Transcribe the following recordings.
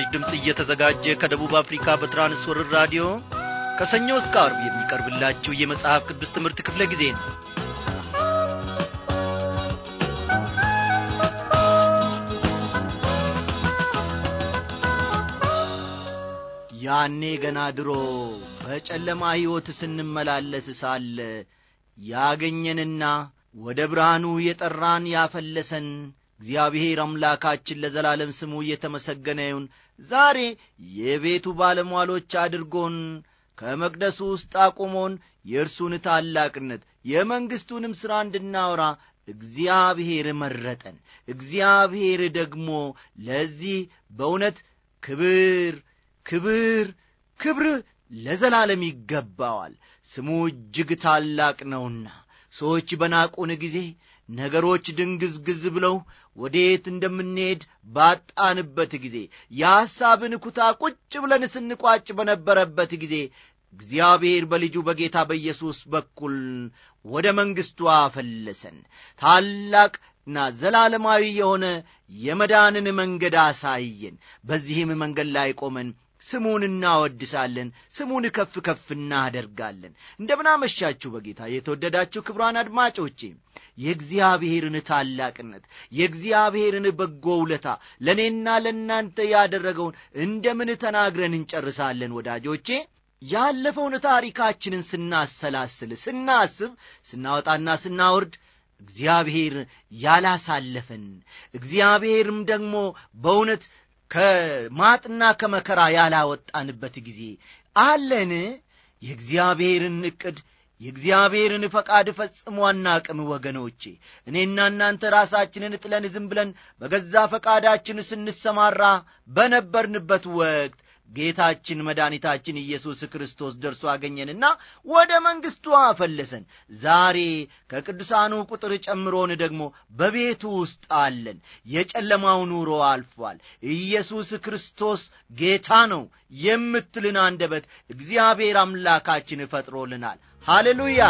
ለመስራች ድምፅ እየተዘጋጀ ከደቡብ አፍሪካ በትራንስወርር ራዲዮ ከሰኞ እስከ አርብ የሚቀርብላችሁ የመጽሐፍ ቅዱስ ትምህርት ክፍለ ጊዜ ነው ያኔ ገና ድሮ በጨለማ ሕይወት ስንመላለስ ሳለ ያገኘንና ወደ ብርሃኑ የጠራን ያፈለሰን እግዚአብሔር አምላካችን ለዘላለም ስሙ እየተመሰገነ ይሁን ዛሬ የቤቱ ባለሟሎች አድርጎን ከመቅደሱ ውስጥ አቁሞን የእርሱን ታላቅነት የመንግሥቱንም ሥራ እንድናወራ እግዚአብሔር መረጠን እግዚአብሔር ደግሞ ለዚህ በእውነት ክብር ክብር ክብር ለዘላለም ይገባዋል ስሙ እጅግ ታላቅ ነውና ሰዎች በናቁን ጊዜ ነገሮች ድንግዝግዝ ብለው ወዴት እንደምንሄድ ባጣንበት ጊዜ የሐሳብን ኩታ ቁጭ ብለን ስንቋጭ በነበረበት ጊዜ እግዚአብሔር በልጁ በጌታ በኢየሱስ በኩል ወደ መንግሥቱ አፈለሰን። ታላቅና ዘላለማዊ የሆነ የመዳንን መንገድ አሳየን። በዚህም መንገድ ላይ ቆመን ስሙን እናወድሳለን፣ ስሙን ከፍ ከፍ እናደርጋለን። እንደምናመሻችሁ በጌታ የተወደዳችሁ ክብሯን አድማጮቼ የእግዚአብሔርን ታላቅነት የእግዚአብሔርን በጎ ውለታ ለእኔና ለእናንተ ያደረገውን እንደምን ተናግረን እንጨርሳለን? ወዳጆቼ ያለፈውን ታሪካችንን ስናሰላስል፣ ስናስብ፣ ስናወጣና ስናወርድ እግዚአብሔር ያላሳለፈን እግዚአብሔርም ደግሞ በእውነት ከማጥና ከመከራ ያላወጣንበት ጊዜ አለን? የእግዚአብሔርን ዕቅድ የእግዚአብሔርን ፈቃድ ፈጽሞ አናቅም ወገኖቼ። እኔና እናንተ ራሳችንን ጥለን ዝም ብለን በገዛ ፈቃዳችን ስንሰማራ በነበርንበት ወቅት ጌታችን መድኃኒታችን ኢየሱስ ክርስቶስ ደርሶ አገኘንና ወደ መንግሥቱ አፈለሰን። ዛሬ ከቅዱሳኑ ቁጥር ጨምሮን ደግሞ በቤቱ ውስጥ አለን። የጨለማው ኑሮ አልፏል። ኢየሱስ ክርስቶስ ጌታ ነው የምትልን አንደበት እግዚአብሔር አምላካችን ፈጥሮልናል። ሃሌሉያ!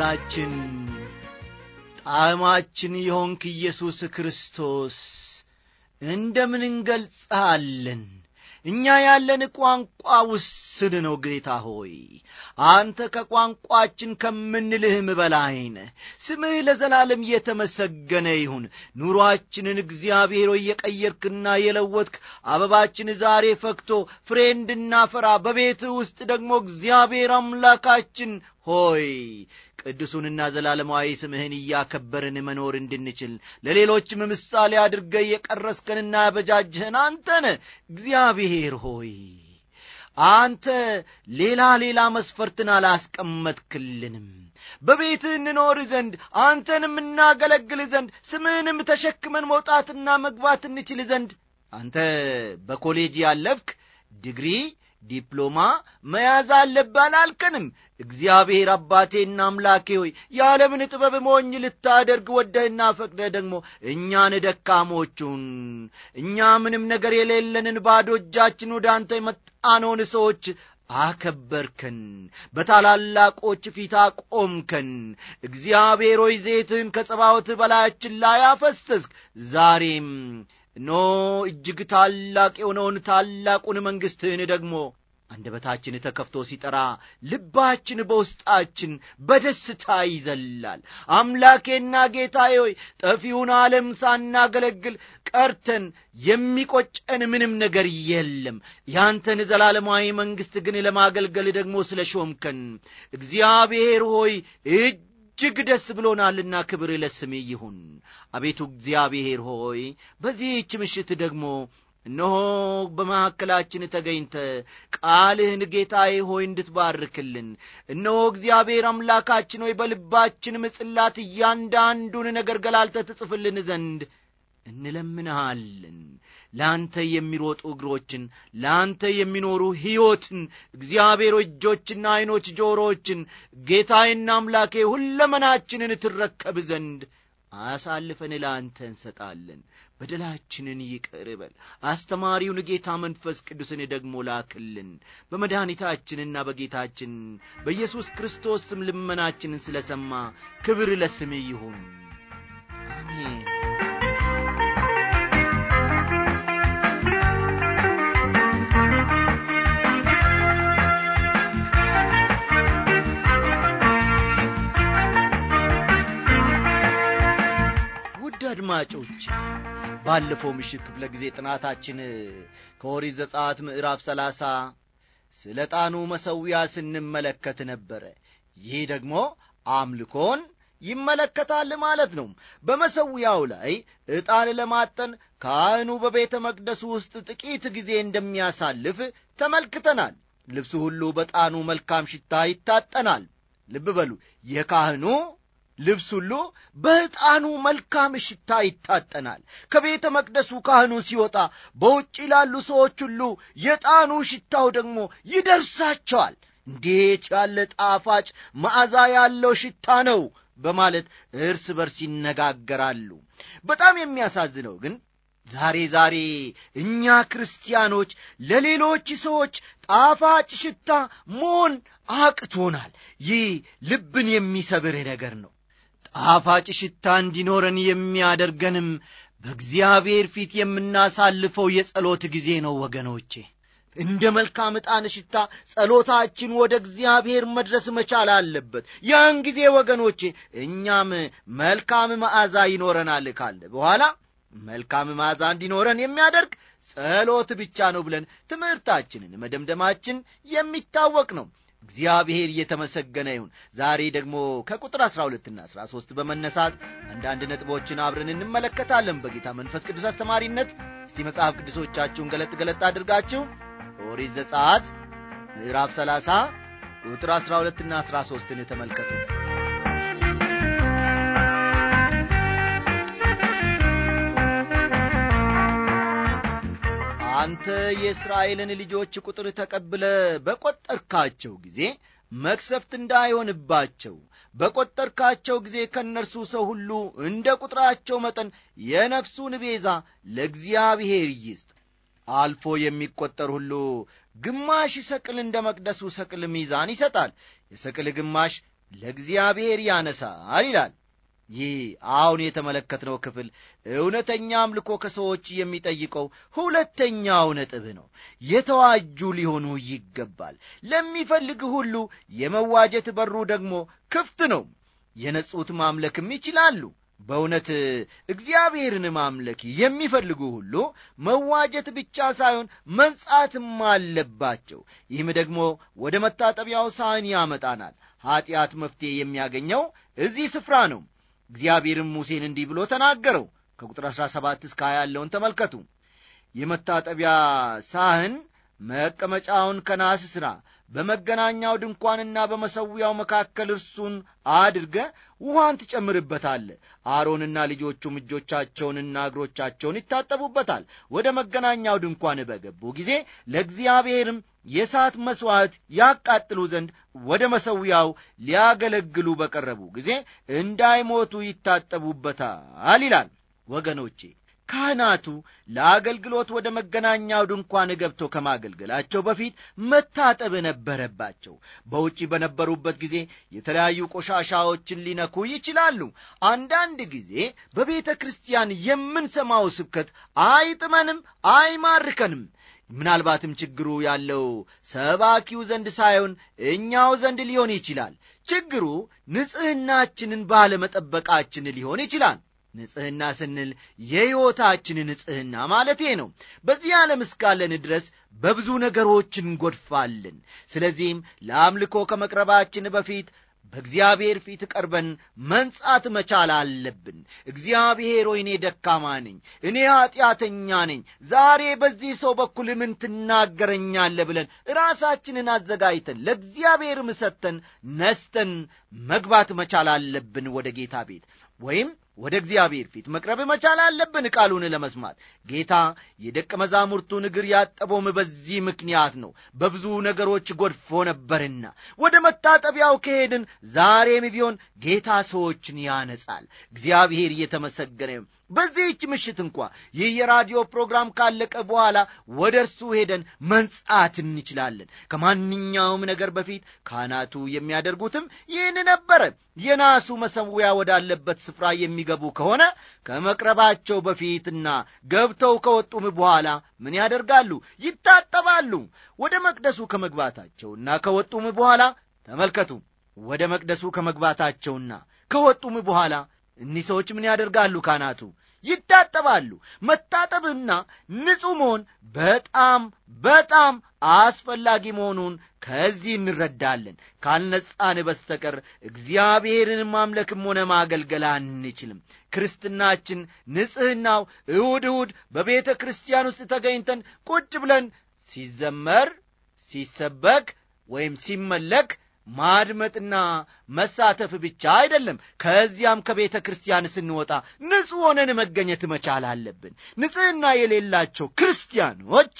መዓዛችን ጣዕማችን የሆንክ ኢየሱስ ክርስቶስ እንደምን እንገልጽሃለን? እኛ ያለን ቋንቋ ውስን ነው። ጌታ ሆይ አንተ ከቋንቋችን ከምንልህም በላይ ስምህ ለዘላለም የተመሰገነ ይሁን። ኑሮአችንን እግዚአብሔር ሆይ የቀየርክና የለወጥክ አበባችን ዛሬ ፈክቶ ፍሬ እንድናፈራ በቤትህ ውስጥ ደግሞ እግዚአብሔር አምላካችን ሆይ ቅዱሱንና ዘላለማዊ ስምህን እያከበርን መኖር እንድንችል ለሌሎችም ምሳሌ አድርገ የቀረስከንና ያበጃጅህን አንተን እግዚአብሔር ሆይ አንተ ሌላ ሌላ መስፈርትን አላስቀመጥክልንም። በቤትህ እንኖር ዘንድ አንተንም እናገለግል ዘንድ ስምህንም ተሸክመን መውጣትና መግባት እንችል ዘንድ አንተ በኮሌጅ ያለፍክ ዲግሪ ዲፕሎማ መያዝ አለብን አላልከንም። እግዚአብሔር አባቴና አምላኬ ሆይ የዓለምን ጥበብ ሞኝ ልታደርግ ወደህና ፈቅደ ደግሞ እኛን ደካሞቹን እኛ ምንም ነገር የሌለንን ባዶ እጃችን ወደ አንተ የመጣነውን ሰዎች አከበርከን፣ በታላላቆች ፊት አቆምከን። እግዚአብሔር ሆይ ዘይትህን ከጸባዖት በላያችን ላይ አፈሰስክ። ዛሬም ኖ እጅግ ታላቅ የሆነውን ታላቁን መንግሥትህን ደግሞ አንደበታችን ተከፍቶ ሲጠራ ልባችን በውስጣችን በደስታ ይዘላል። አምላኬና ጌታዬ ሆይ ጠፊውን ዓለም ሳናገለግል ቀርተን የሚቆጨን ምንም ነገር የለም። ያንተን ዘላለማዊ መንግሥት ግን ለማገልገል ደግሞ ስለ ሾምከን እግዚአብሔር ሆይ እጅ እጅግ ደስ ብሎናልና ክብር ለስሜ ይሁን። አቤቱ እግዚአብሔር ሆይ በዚህች ምሽት ደግሞ እነሆ በመካከላችን ተገኝተ ቃልህን ጌታዬ ሆይ እንድትባርክልን፣ እነሆ እግዚአብሔር አምላካችን ሆይ በልባችን ምጽላት እያንዳንዱን ነገር ገላልተ ትጽፍልን ዘንድ እንለምንሃለን ለአንተ የሚሮጡ እግሮችን ለአንተ የሚኖሩ ሕይወትን እግዚአብሔር እጆችና ዐይኖች ጆሮዎችን ጌታዬና አምላኬ ሁለመናችንን ትረከብ ዘንድ አሳልፈን ለአንተ እንሰጣለን በደላችንን ይቅር በል አስተማሪውን ጌታ መንፈስ ቅዱስን ደግሞ ላክልን በመድኃኒታችንና በጌታችን በኢየሱስ ክርስቶስ ስም ልመናችንን ስለ ሰማ ክብር ለስምህ ይሁን አድማጮች ባለፈው ምሽት ክፍለ ጊዜ ጥናታችን ከኦሪት ዘጸአት ምዕራፍ ሰላሳ ስለ ጣኑ መሠዊያ ስንመለከት ነበረ ይህ ደግሞ አምልኮን ይመለከታል ማለት ነው በመሠዊያው ላይ ዕጣን ለማጠን ካህኑ በቤተ መቅደሱ ውስጥ ጥቂት ጊዜ እንደሚያሳልፍ ተመልክተናል ልብሱ ሁሉ በጣኑ መልካም ሽታ ይታጠናል ልብ በሉ የካህኑ ልብስ ሁሉ በዕጣኑ መልካም ሽታ ይታጠናል። ከቤተ መቅደሱ ካህኑ ሲወጣ በውጭ ላሉ ሰዎች ሁሉ የዕጣኑ ሽታው ደግሞ ይደርሳቸዋል። እንዴት ያለ ጣፋጭ መዓዛ ያለው ሽታ ነው! በማለት እርስ በርስ ይነጋገራሉ። በጣም የሚያሳዝነው ግን ዛሬ ዛሬ እኛ ክርስቲያኖች ለሌሎች ሰዎች ጣፋጭ ሽታ መሆን አቅቶናል። ይህ ልብን የሚሰብር ነገር ነው። ጣፋጭ ሽታ እንዲኖረን የሚያደርገንም በእግዚአብሔር ፊት የምናሳልፈው የጸሎት ጊዜ ነው ወገኖቼ እንደ መልካም ዕጣን ሽታ ጸሎታችን ወደ እግዚአብሔር መድረስ መቻል አለበት ያን ጊዜ ወገኖቼ እኛም መልካም መዓዛ ይኖረናል ካለ በኋላ መልካም መዓዛ እንዲኖረን የሚያደርግ ጸሎት ብቻ ነው ብለን ትምህርታችንን መደምደማችን የሚታወቅ ነው እግዚአብሔር እየተመሰገነ ይሁን ዛሬ ደግሞ ከቁጥር 12ና 13 በመነሳት አንዳንድ ነጥቦችን አብረን እንመለከታለን በጌታ መንፈስ ቅዱስ አስተማሪነት እስቲ መጽሐፍ ቅዱሶቻችሁን ገለጥ ገለጥ አድርጋችሁ ኦሪት ዘጸአት ምዕራፍ 30 ቁጥር 12ና 13ን ተመልከቱ አንተ የእስራኤልን ልጆች ቁጥር ተቀብለ በቈጠርካቸው ጊዜ መክሰፍት እንዳይሆንባቸው በቈጠርካቸው ጊዜ ከእነርሱ ሰው ሁሉ እንደ ቁጥራቸው መጠን የነፍሱን ቤዛ ለእግዚአብሔር ይስጥ። አልፎ የሚቈጠር ሁሉ ግማሽ ሰቅል እንደ መቅደሱ ሰቅል ሚዛን ይሰጣል። የሰቅል ግማሽ ለእግዚአብሔር ያነሳል ይላል። ይህ አሁን የተመለከትነው ክፍል እውነተኛ አምልኮ ከሰዎች የሚጠይቀው ሁለተኛው ነጥብ ነው። የተዋጁ ሊሆኑ ይገባል። ለሚፈልግ ሁሉ የመዋጀት በሩ ደግሞ ክፍት ነው። የነጹት ማምለክም ይችላሉ። በእውነት እግዚአብሔርን ማምለክ የሚፈልጉ ሁሉ መዋጀት ብቻ ሳይሆን መንጻትም አለባቸው። ይህም ደግሞ ወደ መታጠቢያው ሳህን ያመጣናል። ኀጢአት መፍትሔ የሚያገኘው እዚህ ስፍራ ነው። እግዚአብሔርም ሙሴን እንዲህ ብሎ ተናገረው ከቁጥር 17 እስከ 20 ያለውን ተመልከቱ የመታጠቢያ ሳህን መቀመጫውን ከናስ ሥራ በመገናኛው ድንኳንና በመሰዊያው መካከል እርሱን አድርገ ውሃን ትጨምርበታል አሮንና ልጆቹም እጆቻቸውንና እግሮቻቸውን ይታጠቡበታል ወደ መገናኛው ድንኳን በገቡ ጊዜ ለእግዚአብሔርም የእሳት መሥዋዕት ያቃጥሉ ዘንድ ወደ መሠዊያው ሊያገለግሉ በቀረቡ ጊዜ እንዳይሞቱ ይታጠቡበታል ይላል። ወገኖቼ ካህናቱ ለአገልግሎት ወደ መገናኛው ድንኳን ገብቶ ከማገልገላቸው በፊት መታጠብ ነበረባቸው። በውጪ በነበሩበት ጊዜ የተለያዩ ቆሻሻዎችን ሊነኩ ይችላሉ። አንዳንድ ጊዜ በቤተ ክርስቲያን የምንሰማው ስብከት አይጥመንም፣ አይማርከንም። ምናልባትም ችግሩ ያለው ሰባኪው ዘንድ ሳይሆን እኛው ዘንድ ሊሆን ይችላል። ችግሩ ንጽሕናችንን ባለመጠበቃችን ሊሆን ይችላል። ንጽሕና ስንል የሕይወታችን ንጽሕና ማለቴ ነው። በዚህ ዓለም እስካለን ድረስ በብዙ ነገሮች እንጎድፋለን። ስለዚህም ለአምልኮ ከመቅረባችን በፊት በእግዚአብሔር ፊት ቀርበን መንጻት መቻል አለብን። እግዚአብሔር ሆይ እኔ ደካማ ነኝ፣ እኔ ኀጢአተኛ ነኝ፣ ዛሬ በዚህ ሰው በኩል ምን ትናገረኛለ ብለን ራሳችንን አዘጋጅተን ለእግዚአብሔር ምሰተን ነስተን መግባት መቻል አለብን ወደ ጌታ ቤት ወይም ወደ እግዚአብሔር ፊት መቅረብ መቻል አለብን ቃሉን ለመስማት ጌታ የደቀ መዛሙርቱን እግር ያጠበውም በዚህ ምክንያት ነው በብዙ ነገሮች ጎድፎ ነበርና ወደ መታጠቢያው ከሄድን ዛሬም ቢሆን ጌታ ሰዎችን ያነጻል እግዚአብሔር እየተመሰገነ በዚህች ምሽት እንኳ ይህ የራዲዮ ፕሮግራም ካለቀ በኋላ ወደ እርሱ ሄደን መንጻት እንችላለን። ከማንኛውም ነገር በፊት ካህናቱ የሚያደርጉትም ይህን ነበረ። የናሱ መሰዊያ ወዳለበት ስፍራ የሚገቡ ከሆነ ከመቅረባቸው በፊትና ገብተው ከወጡም በኋላ ምን ያደርጋሉ? ይታጠባሉ። ወደ መቅደሱ ከመግባታቸውና ከወጡም በኋላ ተመልከቱ፣ ወደ መቅደሱ ከመግባታቸውና ከወጡም በኋላ እኒህ ሰዎች ምን ያደርጋሉ? ካህናቱ ይታጠባሉ። መታጠብና ንጹሕ መሆን በጣም በጣም አስፈላጊ መሆኑን ከዚህ እንረዳለን። ካልነጻን በስተቀር እግዚአብሔርን ማምለክም ሆነ ማገልገል አንችልም። ክርስትናችን ንጽሕናው እሁድ እሁድ በቤተ ክርስቲያን ውስጥ ተገኝተን ቁጭ ብለን ሲዘመር ሲሰበክ ወይም ሲመለክ ማድመጥና መሳተፍ ብቻ አይደለም። ከዚያም ከቤተ ክርስቲያን ስንወጣ ንጹሕ ሆነን መገኘት መቻል አለብን። ንጽሕና የሌላቸው ክርስቲያኖች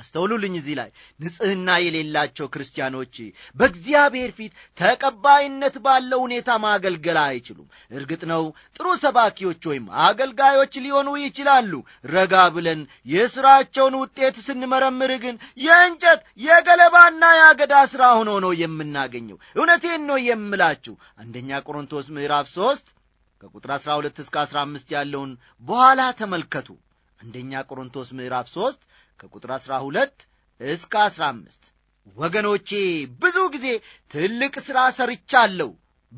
አስተውሉልኝ እዚህ ላይ ንጽሕና የሌላቸው ክርስቲያኖች በእግዚአብሔር ፊት ተቀባይነት ባለው ሁኔታ ማገልገል አይችሉም። እርግጥ ነው ጥሩ ሰባኪዎች ወይም አገልጋዮች ሊሆኑ ይችላሉ። ረጋ ብለን የሥራቸውን ውጤት ስንመረምር ግን የእንጨት የገለባና የአገዳ ሥራ ሆኖ ነው የምናገኘው። እውነቴን ነው የምላችሁ አንደኛ ቆሮንቶስ ምዕራፍ 3 ከቁጥር 12 እስከ 15 ያለውን በኋላ ተመልከቱ። አንደኛ ቆሮንቶስ ምዕራፍ 3 ከቁጥር 12 እስከ 15 ወገኖቼ ብዙ ጊዜ ትልቅ ሥራ ሰርቻለሁ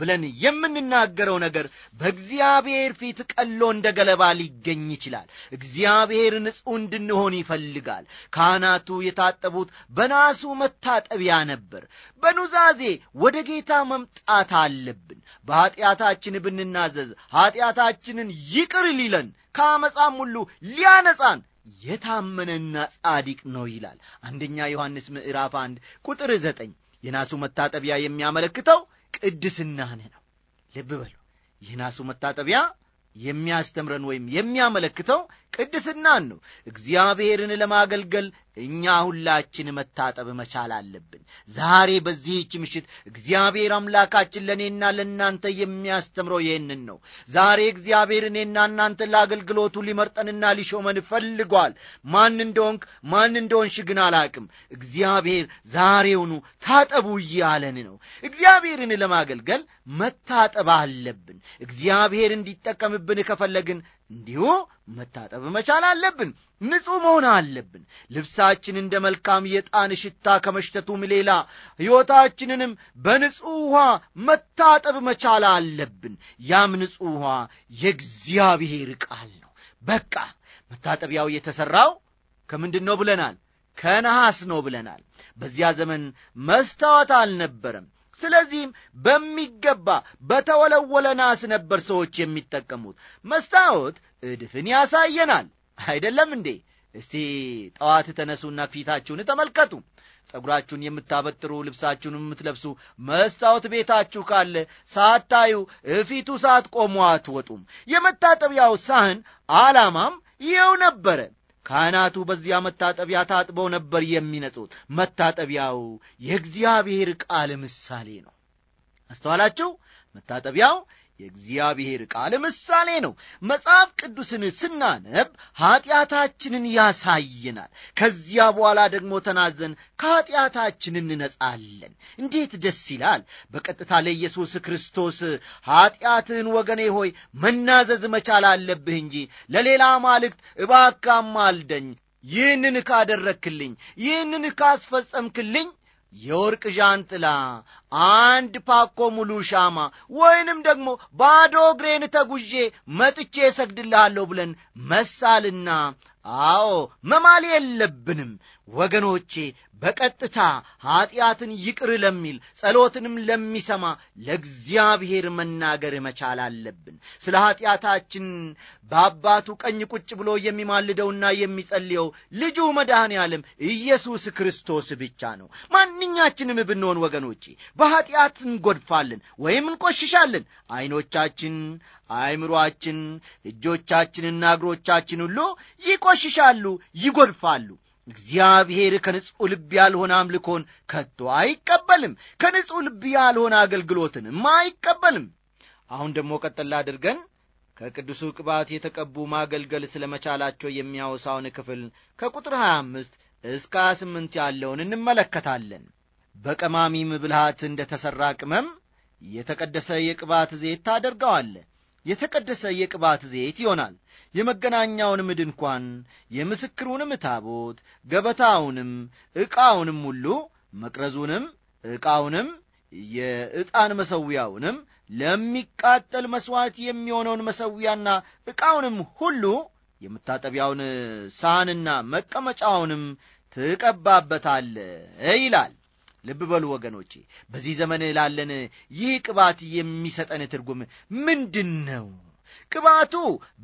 ብለን የምንናገረው ነገር በእግዚአብሔር ፊት ቀሎ እንደ ገለባ ሊገኝ ይችላል። እግዚአብሔር ንጹሕ እንድንሆን ይፈልጋል። ካህናቱ የታጠቡት በናሱ መታጠቢያ ነበር። በኑዛዜ ወደ ጌታ መምጣት አለብን። በኀጢአታችን ብንናዘዝ ኀጢአታችንን ይቅር ሊለን ከአመፃም ሁሉ ሊያነጻን የታመነና ጻዲቅ ነው ይላል አንደኛ ዮሐንስ ምዕራፍ አንድ ቁጥር ዘጠኝ የናሱ መታጠቢያ የሚያመለክተው ቅድስናን ነው ልብ በሉ የናሱ መታጠቢያ የሚያስተምረን ወይም የሚያመለክተው ቅድስናን ነው እግዚአብሔርን ለማገልገል እኛ ሁላችን መታጠብ መቻል አለብን። ዛሬ በዚህች ምሽት እግዚአብሔር አምላካችን ለእኔና ለእናንተ የሚያስተምረው ይህንን ነው። ዛሬ እግዚአብሔር እኔና እናንተ ለአገልግሎቱ ሊመርጠንና ሊሾመን ፈልጓል። ማን እንደሆንክ ማን እንደሆንሽ ግን አላቅም። እግዚአብሔር ዛሬውኑ ታጠቡ እያለን ነው። እግዚአብሔርን ለማገልገል መታጠብ አለብን። እግዚአብሔር እንዲጠቀምብን ከፈለግን እንዲሁ መታጠብ መቻል አለብን ንጹሕ መሆን አለብን ልብሳችን እንደ መልካም የጣን ሽታ ከመሽተቱም ሌላ ሕይወታችንንም በንጹሕ ውኃ መታጠብ መቻል አለብን ያም ንጹሕ ውኃ የእግዚአብሔር ቃል ነው በቃ መታጠቢያው የተሠራው ከምንድን ነው ብለናል ከነሐስ ነው ብለናል በዚያ ዘመን መስታወት አልነበረም ስለዚህም በሚገባ በተወለወለ ናስ ነበር ሰዎች የሚጠቀሙት። መስታወት እድፍን ያሳየናል አይደለም እንዴ? እስቲ ጠዋት ተነሱና ፊታችሁን ተመልከቱ። ጸጉራችሁን የምታበጥሩ፣ ልብሳችሁን የምትለብሱ፣ መስታወት ቤታችሁ ካለ ሳታዩ እፊቱ ሳት ቆሞ አትወጡም። የመታጠቢያው ሳህን ዓላማም ይኸው ነበረ። ካህናቱ በዚያ መታጠቢያ ታጥበው ነበር የሚነጹት። መታጠቢያው የእግዚአብሔር ቃል ምሳሌ ነው። አስተዋላችሁ? መታጠቢያው የእግዚአብሔር ቃል ምሳሌ ነው። መጽሐፍ ቅዱስን ስናነብ ኀጢአታችንን ያሳየናል። ከዚያ በኋላ ደግሞ ተናዘን ከኀጢአታችን እንነጻለን። እንዴት ደስ ይላል! በቀጥታ ለኢየሱስ ክርስቶስ ኀጢአትህን ወገኔ ሆይ መናዘዝ መቻል አለብህ እንጂ ለሌላ አማልክት እባካም አልደኝ ይህንን ካደረክልኝ፣ ይህንን ካስፈጸምክልኝ የወርቅ ዣንጥላ፣ አንድ ፓኮ ሙሉ ሻማ፣ ወይንም ደግሞ ባዶ እግሬን ተጉዤ መጥቼ እሰግድልሃለሁ ብለን መሳልና አዎ መማል የለብንም። ወገኖቼ በቀጥታ ኀጢአትን ይቅር ለሚል ጸሎትንም ለሚሰማ ለእግዚአብሔር መናገር መቻል አለብን። ስለ ኀጢአታችን በአባቱ ቀኝ ቁጭ ብሎ የሚማልደውና የሚጸልየው ልጁ መድኃን ያለም ኢየሱስ ክርስቶስ ብቻ ነው። ማንኛችንም ብንሆን ወገኖቼ በኀጢአት እንጎድፋለን ወይም እንቆሽሻለን። ዐይኖቻችን፣ አይምሮአችን እጆቻችንና እግሮቻችን ሁሉ ይቆሽሻሉ፣ ይጎድፋሉ። እግዚአብሔር ከንጹሕ ልብ ያልሆነ አምልኮን ከቶ አይቀበልም። ከንጹሕ ልብ ያልሆነ አገልግሎትንም አይቀበልም። አሁን ደግሞ ቀጠላ አድርገን ከቅዱሱ ቅባት የተቀቡ ማገልገል ስለ መቻላቸው የሚያወሳውን ክፍል ከቁጥር 25 እስከ 28 ያለውን እንመለከታለን። በቀማሚም ብልሃት እንደ ተሠራ ቅመም የተቀደሰ የቅባት ዘይት ታደርገዋለ። የተቀደሰ የቅባት ዘይት ይሆናል። የመገናኛውንም ድንኳን የምስክሩንም ታቦት ገበታውንም ዕቃውንም ሁሉ መቅረዙንም ዕቃውንም የዕጣን መሠዊያውንም ለሚቃጠል መሥዋዕት የሚሆነውን መሠዊያና ዕቃውንም ሁሉ የመታጠቢያውን ሳህንና መቀመጫውንም ትቀባበታለ ይላል። ልብ በሉ ወገኖቼ፣ በዚህ ዘመን ላለን ይህ ቅባት የሚሰጠን ትርጉም ምንድን ነው? ቅባቱ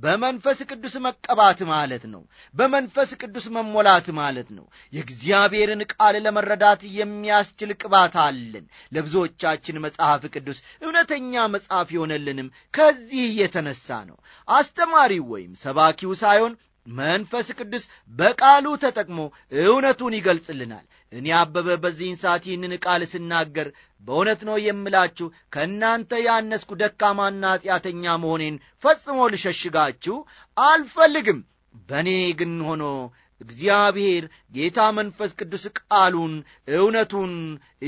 በመንፈስ ቅዱስ መቀባት ማለት ነው። በመንፈስ ቅዱስ መሞላት ማለት ነው። የእግዚአብሔርን ቃል ለመረዳት የሚያስችል ቅባት አለን። ለብዙዎቻችን መጽሐፍ ቅዱስ እውነተኛ መጽሐፍ የሆነልንም ከዚህ የተነሳ ነው። አስተማሪው ወይም ሰባኪው ሳይሆን መንፈስ ቅዱስ በቃሉ ተጠቅሞ እውነቱን ይገልጽልናል። እኔ አበበ በዚህን ሰዓት ይህንን ቃል ስናገር በእውነት ነው የምላችሁ ከእናንተ ያነስኩ ደካማና ኃጢአተኛ መሆኔን ፈጽሞ ልሸሽጋችሁ አልፈልግም። በእኔ ግን ሆኖ እግዚአብሔር ጌታ መንፈስ ቅዱስ ቃሉን እውነቱን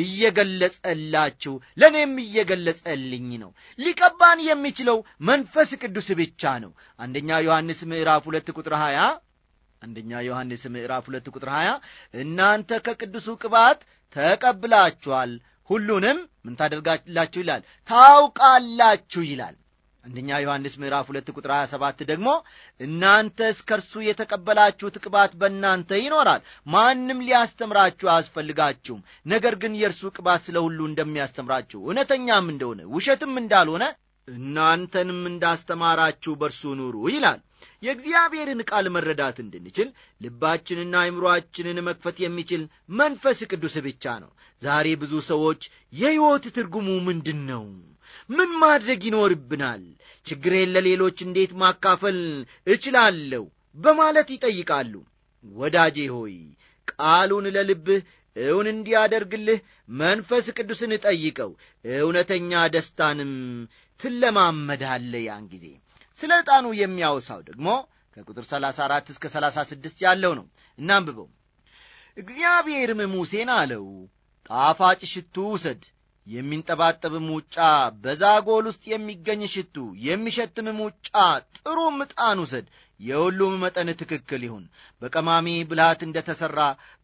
እየገለጸላችሁ ለእኔም እየገለጸልኝ ነው። ሊቀባን የሚችለው መንፈስ ቅዱስ ብቻ ነው። አንደኛ ዮሐንስ ምዕራፍ ሁለት ቁጥር 20 አንደኛ ዮሐንስ ምዕራፍ ሁለት ቁጥር 20 እናንተ ከቅዱሱ ቅባት ተቀብላችኋል ሁሉንም ምን ታደርጋላችሁ ይላል ታውቃላችሁ ይላል አንደኛ ዮሐንስ ምዕራፍ ሁለት ቁጥር 27 ደግሞ እናንተ እስከ እርሱ የተቀበላችሁት ቅባት በእናንተ ይኖራል ማንም ሊያስተምራችሁ አያስፈልጋችሁም ነገር ግን የእርሱ ቅባት ስለ ሁሉ እንደሚያስተምራችሁ እውነተኛም እንደሆነ ውሸትም እንዳልሆነ እናንተንም እንዳስተማራችሁ በእርሱ ኑሩ ይላል። የእግዚአብሔርን ቃል መረዳት እንድንችል ልባችንና አእምሮአችንን መክፈት የሚችል መንፈስ ቅዱስ ብቻ ነው። ዛሬ ብዙ ሰዎች የሕይወት ትርጉሙ ምንድን ነው? ምን ማድረግ ይኖርብናል? ችግሬን ለሌሎች እንዴት ማካፈል እችላለሁ? በማለት ይጠይቃሉ። ወዳጄ ሆይ ቃሉን ለልብህ እውን እንዲያደርግልህ መንፈስ ቅዱስን ጠይቀው፣ እውነተኛ ደስታንም ትለማመዳለ ያን ጊዜ ስለ ዕጣኑ የሚያወሳው ደግሞ ከቁጥር 34 እስከ 36 ያለው ነው። እናንብበው። እግዚአብሔርም ሙሴን አለው፣ ጣፋጭ ሽቱ ውሰድ የሚንጠባጠብ ሙጫ፣ በዛጎል ውስጥ የሚገኝ ሽቱ፣ የሚሸትም ሙጫ፣ ጥሩ ምጣን ውሰድ። የሁሉም መጠን ትክክል ይሁን። በቀማሚ ብልሃት እንደ ተሠራ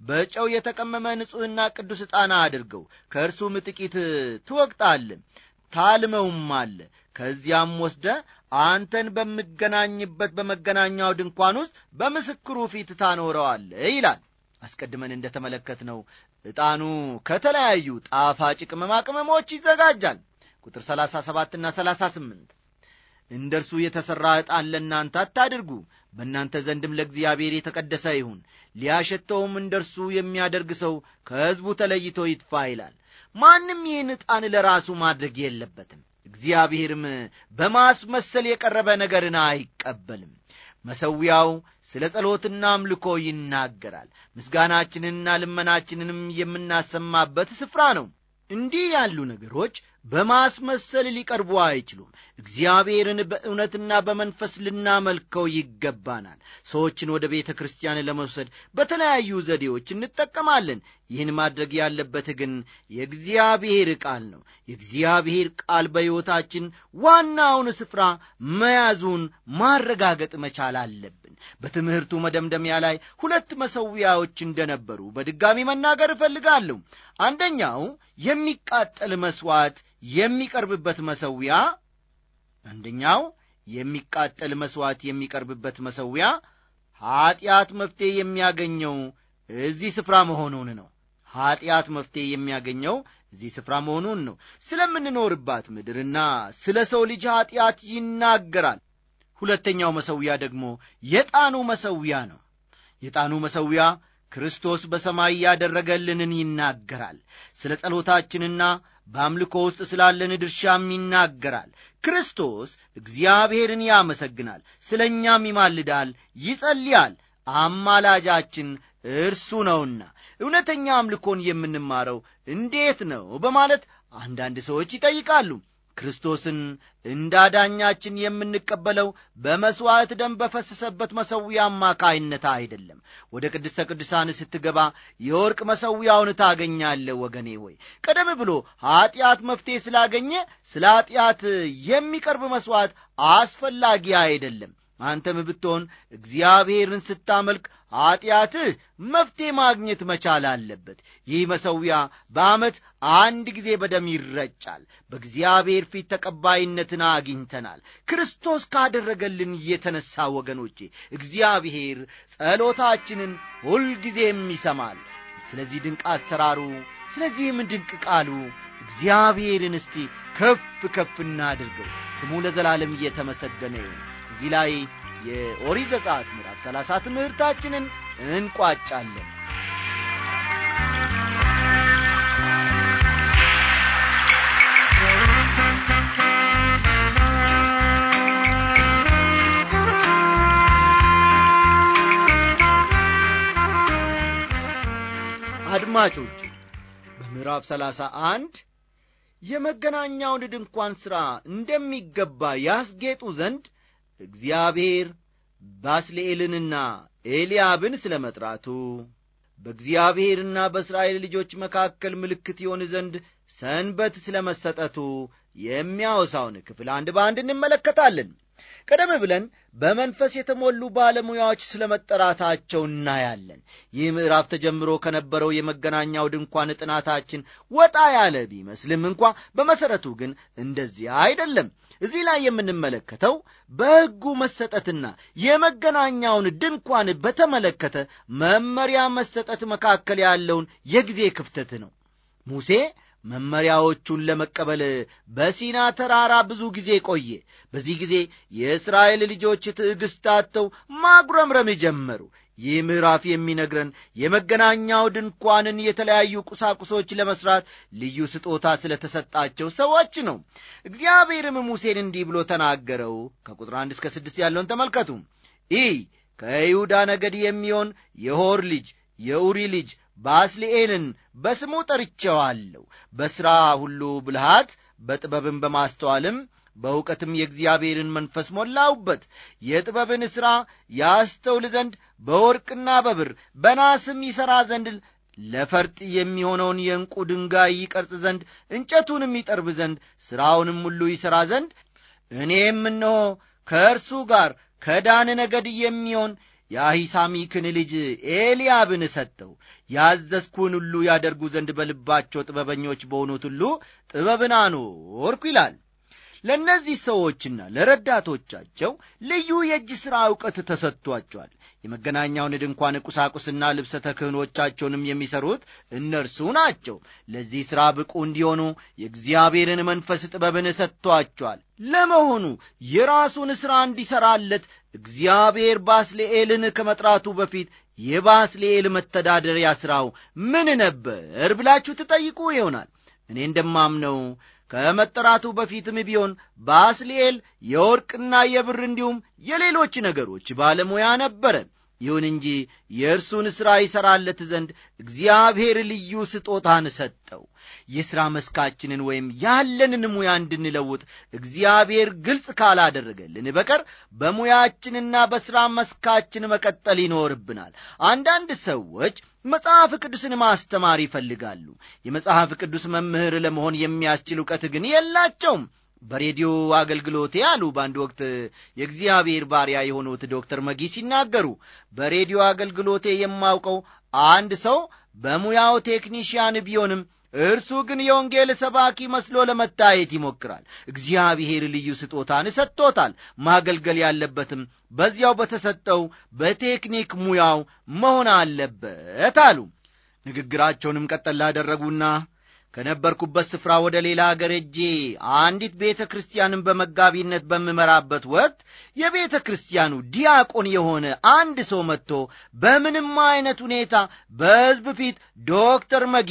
በጨው የተቀመመ ንጹሕና ቅዱስ ዕጣና አድርገው። ከእርሱም ጥቂት ትወቅጣለ፣ ታልመውም አለ። ከዚያም ወስደ አንተን በምገናኝበት በመገናኛው ድንኳን ውስጥ በምስክሩ ፊት ታኖረዋለ ይላል። አስቀድመን ነው። ዕጣኑ ከተለያዩ ጣፋጭ ቅመማ ቅመሞች ይዘጋጃል። ቁጥር 37 እና 38 እንደ እርሱ የተሠራ ዕጣን ለእናንተ አታድርጉ፣ በእናንተ ዘንድም ለእግዚአብሔር የተቀደሰ ይሁን። ሊያሸተውም እንደ እርሱ የሚያደርግ ሰው ከሕዝቡ ተለይቶ ይጥፋ ይላል። ማንም ይህን ዕጣን ለራሱ ማድረግ የለበትም። እግዚአብሔርም በማስመሰል የቀረበ ነገርን አይቀበልም። መሠዊያው ስለ ጸሎትና አምልኮ ይናገራል። ምስጋናችንንና ልመናችንንም የምናሰማበት ስፍራ ነው። እንዲህ ያሉ ነገሮች በማስመሰል ሊቀርቡ አይችሉም። እግዚአብሔርን በእውነትና በመንፈስ ልናመልከው ይገባናል። ሰዎችን ወደ ቤተ ክርስቲያን ለመውሰድ በተለያዩ ዘዴዎች እንጠቀማለን። ይህን ማድረግ ያለበት ግን የእግዚአብሔር ቃል ነው። የእግዚአብሔር ቃል በሕይወታችን ዋናውን ስፍራ መያዙን ማረጋገጥ መቻል አለብን። በትምህርቱ መደምደሚያ ላይ ሁለት መሠዊያዎች እንደነበሩ በድጋሚ መናገር እፈልጋለሁ። አንደኛው የሚቃጠል መሥዋዕት የሚቀርብበት መሰዊያ አንደኛው የሚቃጠል መሥዋዕት የሚቀርብበት መሰዊያ ኀጢአት መፍትሄ የሚያገኘው እዚህ ስፍራ መሆኑን ነው። ኀጢአት መፍትሄ የሚያገኘው እዚህ ስፍራ መሆኑን ነው። ስለምንኖርባት ምድርና ስለ ሰው ልጅ ኀጢአት ይናገራል። ሁለተኛው መሰዊያ ደግሞ የጣኑ መሰዊያ ነው። የጣኑ መሰዊያ ክርስቶስ በሰማይ ያደረገልንን ይናገራል። ስለ ጸሎታችንና በአምልኮ ውስጥ ስላለን ድርሻም ይናገራል። ክርስቶስ እግዚአብሔርን ያመሰግናል፣ ስለ እኛም ይማልዳል፣ ይጸልያል። አማላጃችን እርሱ ነውና እውነተኛ አምልኮን የምንማረው እንዴት ነው በማለት አንዳንድ ሰዎች ይጠይቃሉ። ክርስቶስን እንዳዳኛችን የምንቀበለው በመሥዋዕት ደም በፈሰሰበት መሠዊያ አማካይነት አይደለም። ወደ ቅድስተ ቅዱሳን ስትገባ የወርቅ መሠዊያውን ታገኛለህ። ወገኔ ወይ ቀደም ብሎ ኀጢአት መፍትሔ ስላገኘ ስለ ኀጢአት የሚቀርብ መሥዋዕት አስፈላጊ አይደለም። አንተም ብትሆን እግዚአብሔርን ስታመልክ ኀጢአትህ መፍትሔ ማግኘት መቻል አለበት። ይህ መሠዊያ በዓመት አንድ ጊዜ በደም ይረጫል። በእግዚአብሔር ፊት ተቀባይነትን አግኝተናል። ክርስቶስ ካደረገልን የተነሳ ወገኖቼ እግዚአብሔር ጸሎታችንን ሁልጊዜም ይሰማል። ስለዚህ ድንቅ አሰራሩ፣ ስለዚህም ድንቅ ቃሉ እግዚአብሔርን እስቲ ከፍ ከፍ እናድርገው። ስሙ ለዘላለም እየተመሰገነ ይሁን። እዚህ ላይ የኦሪት ዘጸአት ምዕራፍ ሰላሳ ትምህርታችንን እንቋጫለን። አድማጮች በምዕራፍ ሰላሳ አንድ የመገናኛውን ድንኳን ሥራ እንደሚገባ ያስጌጡ ዘንድ እግዚአብሔር ባስልኤልንና ኤልያብን ስለ መጥራቱ በእግዚአብሔርና በእስራኤል ልጆች መካከል ምልክት ይሆን ዘንድ ሰንበት ስለ መሰጠቱ የሚያወሳውን ክፍል አንድ በአንድ እንመለከታለን ቀደም ብለን በመንፈስ የተሞሉ ባለሙያዎች ስለ መጠራታቸው እናያለን። ይህ ምዕራፍ ተጀምሮ ከነበረው የመገናኛው ድንኳን ጥናታችን ወጣ ያለ ቢመስልም እንኳ በመሠረቱ ግን እንደዚያ አይደለም። እዚህ ላይ የምንመለከተው በሕጉ መሰጠትና የመገናኛውን ድንኳን በተመለከተ መመሪያ መሰጠት መካከል ያለውን የጊዜ ክፍተት ነው። ሙሴ መመሪያዎቹን ለመቀበል በሲና ተራራ ብዙ ጊዜ ቆየ። በዚህ ጊዜ የእስራኤል ልጆች ትዕግሥታተው ማጉረምረም ጀመሩ። ይህ ምዕራፍ የሚነግረን የመገናኛው ድንኳንን የተለያዩ ቁሳቁሶች ለመስራት ልዩ ስጦታ ስለተሰጣቸው ሰዎች ነው። እግዚአብሔርም ሙሴን እንዲህ ብሎ ተናገረው። ከቁጥር አንድ እስከ ስድስት ያለውን ተመልከቱ። ይህ ከይሁዳ ነገድ የሚሆን የሆር ልጅ የኡሪ ልጅ ባስሊኤልን በስሙ ጠርቼዋለሁ። በሥራ ሁሉ ብልሃት፣ በጥበብን በማስተዋልም በእውቀትም የእግዚአብሔርን መንፈስ ሞላውበት። የጥበብን ሥራ ያስተውል ዘንድ በወርቅና በብር በናስም ይሠራ ዘንድ ለፈርጥ የሚሆነውን የእንቁ ድንጋይ ይቀርጽ ዘንድ እንጨቱንም ይጠርብ ዘንድ ሥራውንም ሁሉ ይሠራ ዘንድ እኔም እነሆ ከእርሱ ጋር ከዳን ነገድ የሚሆን የአሂሳሚክን ልጅ ኤልያብን ሰጠው። ያዘዝኩን ሁሉ ያደርጉ ዘንድ በልባቸው ጥበበኞች በሆኑት ሁሉ ጥበብን አኖርኩ ይላል። ለእነዚህ ሰዎችና ለረዳቶቻቸው ልዩ የእጅ ሥራ ዕውቀት ተሰጥቷቸዋል። የመገናኛውን ድንኳን ቁሳቁስና ልብሰ ተክህኖቻቸውንም የሚሠሩት እነርሱ ናቸው። ለዚህ ሥራ ብቁ እንዲሆኑ የእግዚአብሔርን መንፈስ ጥበብን ሰጥቷቸዋል። ለመሆኑ የራሱን ሥራ እንዲሠራለት እግዚአብሔር ባስልኤልን ከመጥራቱ በፊት የባስልኤል መተዳደሪያ ሥራው ምን ነበር ብላችሁ ትጠይቁ ይሆናል። እኔ እንደማምነው ከመጠራቱ በፊትም ቢሆን ባስልኤል የወርቅና የብር እንዲሁም የሌሎች ነገሮች ባለሙያ ነበረ። ይሁን እንጂ የእርሱን ሥራ ይሠራለት ዘንድ እግዚአብሔር ልዩ ስጦታን ሰጠው። የሥራ መስካችንን ወይም ያለንን ሙያ እንድንለውጥ እግዚአብሔር ግልጽ ካላደረገልን በቀር በሙያችንና በሥራ መስካችን መቀጠል ይኖርብናል። አንዳንድ ሰዎች መጽሐፍ ቅዱስን ማስተማር ይፈልጋሉ። የመጽሐፍ ቅዱስ መምህር ለመሆን የሚያስችል ዕውቀት ግን የላቸውም። በሬዲዮ አገልግሎቴ አሉ በአንድ ወቅት የእግዚአብሔር ባሪያ የሆኑት ዶክተር መጊ ሲናገሩ በሬዲዮ አገልግሎቴ የማውቀው አንድ ሰው በሙያው ቴክኒሽያን ቢሆንም እርሱ ግን የወንጌል ሰባኪ መስሎ ለመታየት ይሞክራል። እግዚአብሔር ልዩ ስጦታን ሰጥቶታል። ማገልገል ያለበትም በዚያው በተሰጠው በቴክኒክ ሙያው መሆን አለበት አሉ። ንግግራቸውንም ቀጠል አደረጉና ከነበርኩበት ስፍራ ወደ ሌላ አገር እጄ አንዲት ቤተ ክርስቲያንን በመጋቢነት በምመራበት ወቅት የቤተ ክርስቲያኑ ዲያቆን የሆነ አንድ ሰው መጥቶ በምንም አይነት ሁኔታ በሕዝብ ፊት ዶክተር መጊ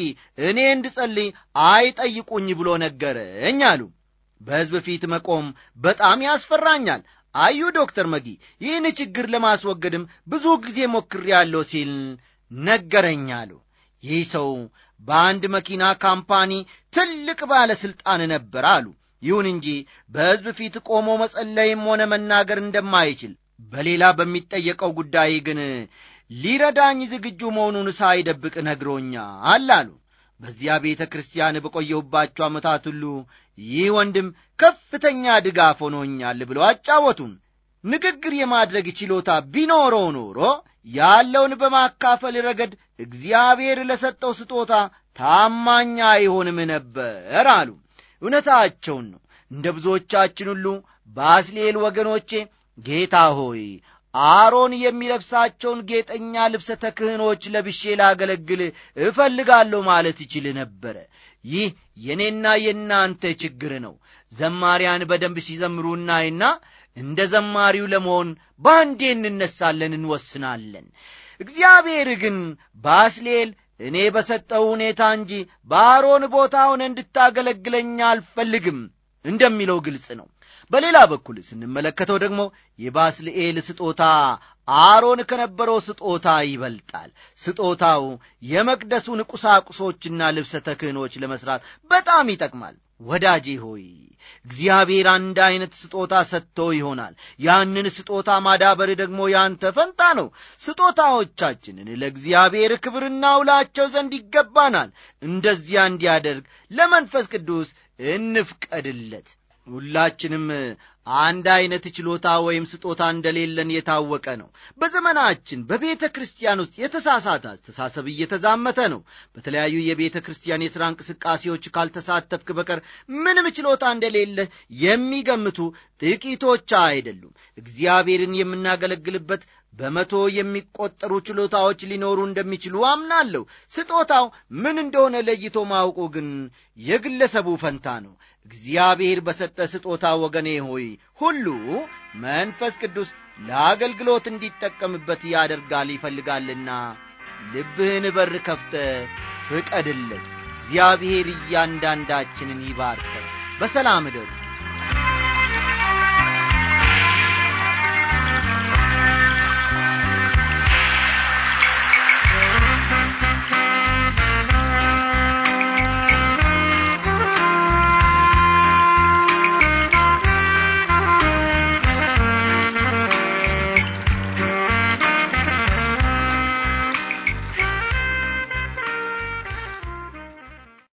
እኔ እንድጸልይ አይጠይቁኝ ብሎ ነገረኝ አሉ። በሕዝብ ፊት መቆም በጣም ያስፈራኛል። አዩ ዶክተር መጊ ይህን ችግር ለማስወገድም ብዙ ጊዜ ሞክሬያለሁ ሲል ነገረኝ አሉ። ይህ ሰው በአንድ መኪና ካምፓኒ ትልቅ ባለሥልጣን ነበር አሉ። ይሁን እንጂ በሕዝብ ፊት ቆሞ መጸለይም ሆነ መናገር እንደማይችል በሌላ በሚጠየቀው ጉዳይ ግን ሊረዳኝ ዝግጁ መሆኑን ሳይደብቅ ነግሮኛል አሉ። በዚያ ቤተ ክርስቲያን በቆየሁባቸው ዓመታት ሁሉ ይህ ወንድም ከፍተኛ ድጋፍ ሆኖኛል ብለው አጫወቱን። ንግግር የማድረግ ችሎታ ቢኖረው ኖሮ ያለውን በማካፈል ረገድ እግዚአብሔር ለሰጠው ስጦታ ታማኝ አይሆንም ነበር አሉ። እውነታቸውን ነው። እንደ ብዙዎቻችን ሁሉ ባስሌል ወገኖቼ ጌታ ሆይ አሮን የሚለብሳቸውን ጌጠኛ ልብሰ ተክህኖች ለብሼ ላገለግል እፈልጋለሁ ማለት ይችል ነበረ። ይህ የእኔና የእናንተ ችግር ነው። ዘማሪያን በደንብ ሲዘምሩ እናይና እንደ ዘማሪው ለመሆን በአንዴ እንነሳለን፣ እንወስናለን። እግዚአብሔር ግን ባስሌል እኔ በሰጠው ሁኔታ እንጂ በአሮን ቦታ ሆነ እንድታገለግለኝ አልፈልግም እንደሚለው ግልጽ ነው። በሌላ በኩል ስንመለከተው ደግሞ የባስልኤል ስጦታ አሮን ከነበረው ስጦታ ይበልጣል። ስጦታው የመቅደሱን ቁሳቁሶችና ልብሰ ተክህኖች ለመሥራት በጣም ይጠቅማል። ወዳጄ ሆይ እግዚአብሔር አንድ አይነት ስጦታ ሰጥቶ ይሆናል። ያንን ስጦታ ማዳበር ደግሞ ያንተ ፈንታ ነው። ስጦታዎቻችንን ለእግዚአብሔር ክብር እናውላቸው ዘንድ ይገባናል። እንደዚያ እንዲያደርግ ለመንፈስ ቅዱስ እንፍቀድለት። ሁላችንም አንድ ዐይነት ችሎታ ወይም ስጦታ እንደሌለን የታወቀ ነው። በዘመናችን በቤተ ክርስቲያን ውስጥ የተሳሳተ አስተሳሰብ እየተዛመተ ነው። በተለያዩ የቤተ ክርስቲያን የሥራ እንቅስቃሴዎች ካልተሳተፍክ በቀር ምንም ችሎታ እንደሌለ የሚገምቱ ጥቂቶች አይደሉም። እግዚአብሔርን የምናገለግልበት በመቶ የሚቆጠሩ ችሎታዎች ሊኖሩ እንደሚችሉ አምናለሁ። ስጦታው ምን እንደሆነ ለይቶ ማውቁ ግን የግለሰቡ ፈንታ ነው። እግዚአብሔር በሰጠ ስጦታ ወገኔ ሆይ ሁሉ መንፈስ ቅዱስ ለአገልግሎት እንዲጠቀምበት ያደርጋል ይፈልጋልና ልብህን በር ከፍተ ፍቀድለት። እግዚአብሔር እያንዳንዳችንን ይባርከን። በሰላም እደሩ።